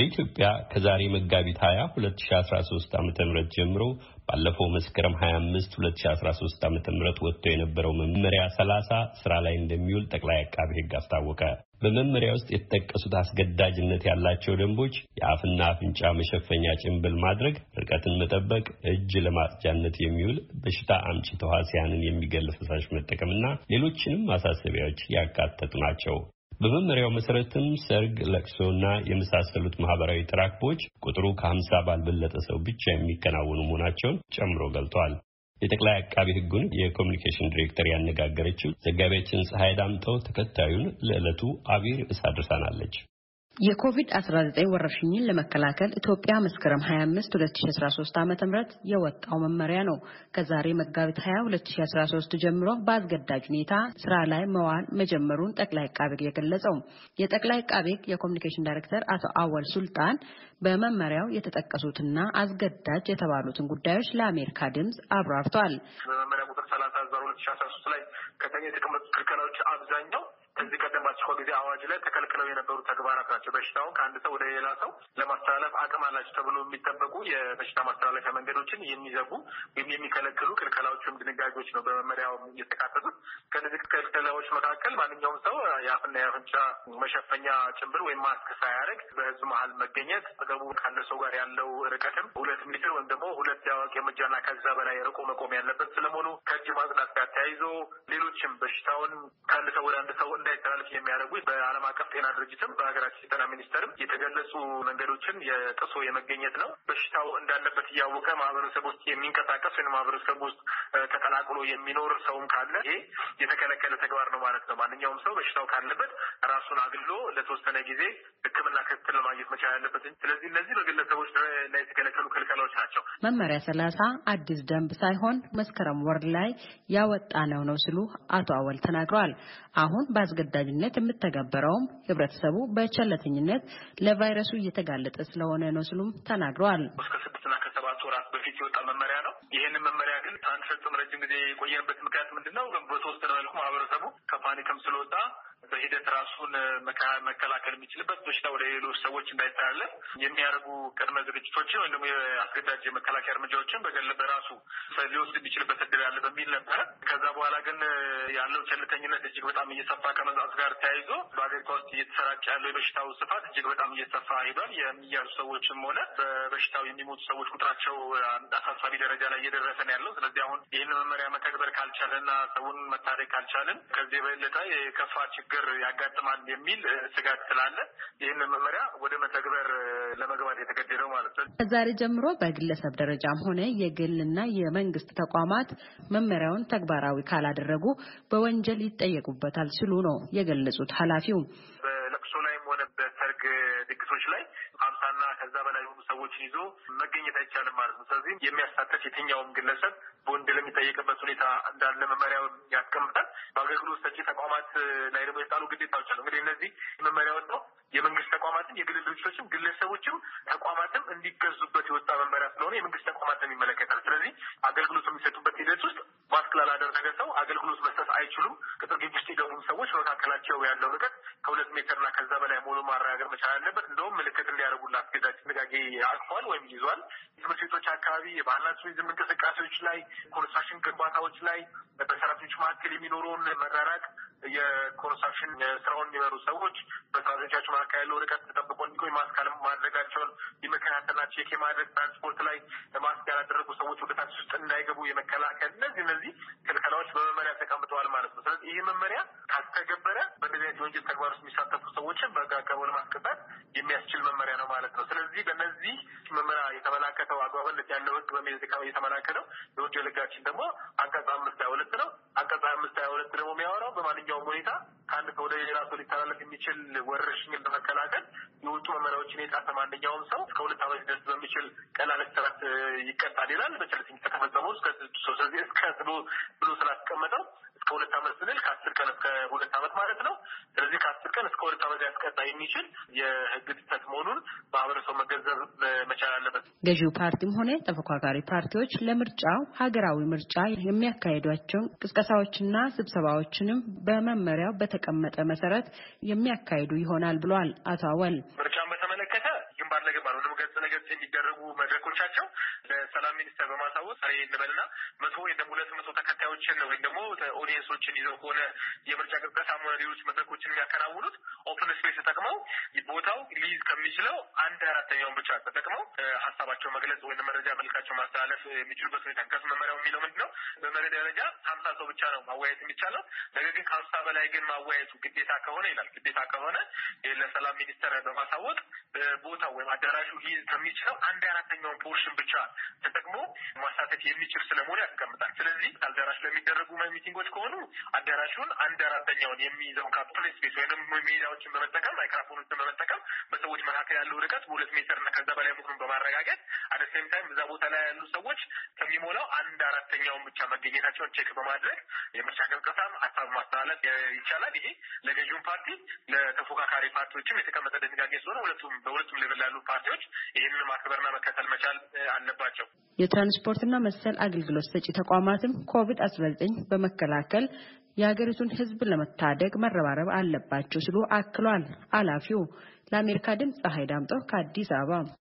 በኢትዮጵያ ከዛሬ መጋቢት 20 2013 ዓ.ም ጀምሮ ባለፈው መስከረም 25 2013 ዓ.ም ወጥቶ የነበረው መመሪያ 30 ስራ ላይ እንደሚውል ጠቅላይ አቃቤ ሕግ አስታወቀ። በመመሪያ ውስጥ የተጠቀሱት አስገዳጅነት ያላቸው ደንቦች የአፍና አፍንጫ መሸፈኛ ጭንብል ማድረግ፣ ርቀትን መጠበቅ፣ እጅ ለማጽጃነት የሚውል በሽታ አምጪ ተዋሲያንን የሚገል ፈሳሽ መጠቀምና ሌሎችንም ማሳሰቢያዎች ያካተቱ ናቸው። በመመሪያው መሰረትም ሰርግ፣ ለቅሶና የመሳሰሉት ማህበራዊ ተራክቦች ቁጥሩ ከሀምሳ ባልበለጠ ሰው ብቻ የሚከናወኑ መሆናቸውን ጨምሮ ገልጧል። የጠቅላይ አቃቢ ሕጉን የኮሚኒኬሽን ዲሬክተር ያነጋገረችው ዘጋቢያችን ፀሐይ ዳምጠው ተከታዩን ለዕለቱ አብይ ርዕስ አድርሳናለች። የኮቪድ-19 ወረርሽኝን ለመከላከል ኢትዮጵያ መስከረም 25 2013 ዓ.ም የወጣው መመሪያ ነው። ከዛሬ መጋቢት 20 2013 ጀምሮ በአስገዳጅ ሁኔታ ስራ ላይ መዋል መጀመሩን ጠቅላይ አቃቤ የገለጸው የጠቅላይ አቃቤ ሕግ የኮሚኒኬሽን ዳይሬክተር አቶ አወል ሱልጣን በመመሪያው የተጠቀሱትና አስገዳጅ የተባሉትን ጉዳዮች ለአሜሪካ ድምፅ አብራርቷል። በመመሪያ ቁጥር 30 2013 ላይ ከተኛ የተቀመጡ ክልከላዎች አብዛኛው ከዚህ ቀደም በአስቸኳይ ጊዜ አዋጅ ላይ ተከልክለው የነበሩ ተግባራት ናቸው። በሽታውን ከአንድ ሰው ወደ ሌላ ሰው ለማስተላለፍ አቅም አላቸው ተብሎ የሚጠበቁ የበሽታ ማስተላለፊያ መንገዶችን የሚዘጉ ወይም የሚከለክሉ ክልከላዎችም ድንጋጌዎች ነው በመመሪያው እየተካተቱት። ከነዚህ ክልከላዎች መካከል ማንኛውም ሰው የአፍና የአፍንጫ መሸፈኛ ጭንብል ወይም ማስክ ሳያደርግ በህዝብ መሀል መገኘት፣ አጠገቡ ካለ ሰው ጋር ያለው ርቀትም ሁለት ሜትር ወይም ደግሞ ሁለት የአዋቂ እርምጃና ከዛ በላይ ርቆ መቆም ያለበት ስለመሆኑ ከእጅ ማጽዳት ጋር ተያይዞ ሌሎችም በሽታውን ከአንድ ሰው ወደ አንድ ሰው እንደ እንዳይተላለፍ የሚያደርጉ በዓለም አቀፍ ጤና ድርጅትም በሀገራችን ጤና ሚኒስቴርም የተገለጹ መንገዶችን የጥሶ የመገኘት ነው። በሽታው እንዳለበት እያወቀ ማህበረሰብ ውስጥ የሚንቀሳቀስ ወይም ማህበረሰብ ውስጥ ተቀላቅሎ የሚኖር ሰውም ካለ ይሄ የተከለከለ ተግባር ነው ማለት ነው። ማንኛውም ሰው በሽታው ካለበት ራሱን አግሎ ለተወሰነ ጊዜ ሕክምና ክትትል ለማግኘት መቻል ያለበት። ስለዚህ እነዚህ በግለሰቦች ላይ የተከለከሉ ክልከላዎች ናቸው። መመሪያ ሰላሳ አዲስ ደንብ ሳይሆን መስከረም ወር ላይ ያወጣ ነው ነው ሲሉ አቶ አወል ተናግረዋል። አሁን በአስገዳጅነት የምተገበረውም ህብረተሰቡ በቸለተኝነት ለቫይረሱ እየተጋለጠ ስለሆነ ነው ሲሉም ተናግረዋል። ከአራት ወራት በፊት የወጣ መመሪያ ነው። ይህንን መመሪያ ግን ሳንፈጽም ረጅም ጊዜ የቆየንበት ምክንያት ምንድን ነው? በተወሰነ መልኩ ማህበረሰቡ ከፓኒክም ስለወጣ በሂደት ራሱን መከላከል የሚችልበት በሽታ ወደ ሌሎች ሰዎች እንዳይተላለፍ የሚያደርጉ ቅድመ ዝግጅቶችን ወይም ደግሞ የአስገዳጅ የመከላከያ እርምጃዎችን በገለ በራሱ ሊወስድ የሚችልበት እድል ያለ በሚል ነበረ። ከዛ በኋላ ግን ያለው ቸልተኝነት እጅግ በጣም እየሰፋ ከመዛት ጋር ተያይዞ እየተሰራጨ ያለው የበሽታው ስፋት እጅግ በጣም እየሰፋ ሄዷል። የሚያዙ ሰዎችም ሆነ በበሽታው የሚሞቱ ሰዎች ቁጥራቸው አሳሳቢ ደረጃ ላይ እየደረሰ ነው ያለው። ስለዚህ አሁን ይህን መመሪያ መተግበር ካልቻለና ሰውን መታደግ ካልቻልን ከዚህ የበለጠ የከፋ ችግር ያጋጥማል የሚል ስጋት ስላለ ይህን መመሪያ ወደ መተግበር ለመግባት የተገደደው ማለት ነው። ከዛሬ ጀምሮ በግለሰብ ደረጃም ሆነ የግልና የመንግስት ተቋማት መመሪያውን ተግባራዊ ካላደረጉ በወንጀል ይጠየቁበታል ሲሉ ነው የገለጹት ኃላፊው። ቦታዎች ላይ ሀምሳና ከዛ በላይ የሆኑ ሰዎችን ይዞ መገኘት አይቻልም ማለት ነው። ስለዚህም የሚያሳተፍ የትኛውም ግለሰብ በወንጀል የሚጠየቅበት ሁኔታ እንዳለ መመሪያውን ያስቀምጣል። በአገልግሎት ሰጪ ተቋማት ላይ ደግሞ የጣሉ ግዴታዎች አሉ። እንግዲህ እነዚህ መመሪያውን ነው የመንግስት ተቋማትም የግል ድርጅቶችም ግለሰቦችም ተቋማትም እንዲገዙበት የወጣ መመሪያ ስለሆነ የመንግስት ተቋማትን ይመለከታል። ስለዚህ አገልግሎት የሚሰጡበት ሂደት ውስጥ ማስክ ላላደረገ ሰው አገልግሎት መስጠት አይችሉም። ግቢ ውስጥ የገቡም ሰዎች መካከላቸው ያለው ርቀት ከሁለት ሜትር ሜትርና ከዛ በላይ መሆኑን ማረጋገጥ መቻል አለበት። እንደውም ምልክት እንዲያደርጉላ አስገዳጅ ጥንቃቄ አቅፏል ወይም ይዟል። ትምህርት ቤቶች አካባቢ፣ የባህልና ቱሪዝም እንቅስቃሴዎች ላይ፣ ኮንስትራክሽን ግንባታዎች ላይ በሰራተኞች መካከል የሚኖረውን መራራቅ የኮንስትራክሽን ስራውን የሚመሩ ሰዎች በስራተኞቻቸው መካከል ያለው ርቀት ተጠብቆ እንዲቆይ ማስካል ማድረጋቸውን የመከታተልና ቼክ የማድረግ ትራንስፖርት ላይ ማስክ ያላደረጉ ሰዎች ወደ ታክሲ ውስጥ እንዳይገቡ የመከላከል እነዚህ እነዚህ ክልከላዎች በመመሪያ ተቀምጠዋል ማለት ነው። ስለዚህ ይህ መመሪያ ካልተገበረ በእንደዚህ አይነት የወንጀል ተግባር ውስጥ የሚሳተፉ ሰዎችን በህግ አግባቡ ለማስቀጣት የሚያስችል መመሪያ ነው ማለት ነው። ስለዚህ በእነዚህ መመሪያ የተመላከተው አግባብነት ያለው ህግ በሜ የተመላከተው የወንጀል ህጋችን ደግሞ አንቀጽ አምስት ሀያ ሁለት ነው። አንቀጽ አምስት ሀያ ሁለት ደግሞ ነው። በማንኛውም ሁኔታ ከአንድ ሰው ወደ ሌላ ሰው ሊተላለፍ የሚችል ወረርሽኝን በመከላከል የወጡ መመሪያዎችን የጣሰ ማንኛውም ሰው እስከ ሁለት ዓመት ደርስ በሚችል ቀላል እስራት ይቀጣል ይላል። በቸለተኝነት ከተፈጸመው እስከ ስድስት ሰው ስለዚህ እስከ ብሎ ስላስቀመጠው ቀን እስከ ሁለት ዓመት ማለት ነው። ስለዚህ ከአስር ቀን እስከ ሁለት ዓመት ያስቀጣ የሚችል የህግ ጥሰት መሆኑን ማህበረሰቡ መገንዘብ መቻል አለበት። ገዢው ፓርቲም ሆነ ተፎካካሪ ፓርቲዎች ለምርጫው ሀገራዊ ምርጫ የሚያካሄዷቸውን ቅስቀሳዎችና ስብሰባዎችንም በመመሪያው በተቀመጠ መሰረት የሚያካሂዱ ይሆናል ብሏል አቶ አወል ምርጫን በተመለከተ ግንባር ለግንባር ወይም ገጽ ለገጽ የሚደረጉ መድረኮቻቸው ለሰላም ሚኒስቴር በማሳወቅ ሬ እንበልና መቶ ወይም ደግሞ ሁለት መቶ ተከታዮችን ወይም ደግሞ ኦዲየንሶችን ይዘው ከሆነ የምርጫ ቅስቀሳም ሆነ ሌሎች መድረኮችን የሚያከናውኑት ኦፕን ስፔስ ተጠቅመው ቦታው ሊይዝ ከሚችለው አንድ አራተኛውን ብቻ ተጠቅመው ሀሳባቸው መግለጽ ወይም መረጃ መልካቸው ማስተላለፍ የሚችሉበት ሁኔታ ከሱ መመሪያው የሚለው ምንድን ነው? በመሪ ደረጃ ሀምሳ ሰው ብቻ ነው ማወያየት የሚቻለው። ነገር ግን ከሀምሳ በላይ ግን ማወያየቱ ግዴታ ከሆነ ይላል ግዴታ ከሆነ ለሰላም ሚኒስቴር በማሳወቅ ቦታው ወይም አዳራሹ ሊይዝ ከሚችለው አንድ አራተኛውን ፖርሽን ብቻ ተጠቅሞ ማሳተፍ የሚችል ስለመሆኑ ያስቀምጣል። ስለዚህ አዳራሽ ለሚደረጉ ሚቲንጎች ከሆኑ አዳራሹን አንድ አራተኛውን የሚይዘውን ካፕል ስፔስ ወይም ሜዲያዎችን በመጠቀም ማይክራፎኖችን በመጠቀም በሰዎች መካከል ያለው ርቀት በሁለት ሜትር እና ከዛ በላይ መሆኑን በማረጋገጥ አደ ሴም ታይም እዛ ቦታ ላይ ያሉ ሰዎች ከሚሞላው አንድ አራተኛውን ብቻ መገኘታቸውን ቼክ በማድረግ የምርጫ ቅስቀሳም ሀሳብ ማስተላለፍ ይቻላል። ይሄ ለገዥውን ፓርቲ ለተፎካካሪ ፓርቲዎችም የተቀመጠ ድንጋጌ ስለሆነ ሁለቱም በሁለቱም ሌበላ ያሉ ፓርቲዎች ይህንን ማክበርና መከተል መቻል አለባቸው። የትራንስፖርትና መሰል አገልግሎት ሰጪ ተቋማትም ኮቪድ አስራ ዘጠኝ በመከላከል የሀገሪቱን ሕዝብ ለመታደግ መረባረብ አለባቸው ሲሉ አክሏል። አላፊው ለአሜሪካ ድምፅ ፀሐይ ዳምጦ ከአዲስ አበባ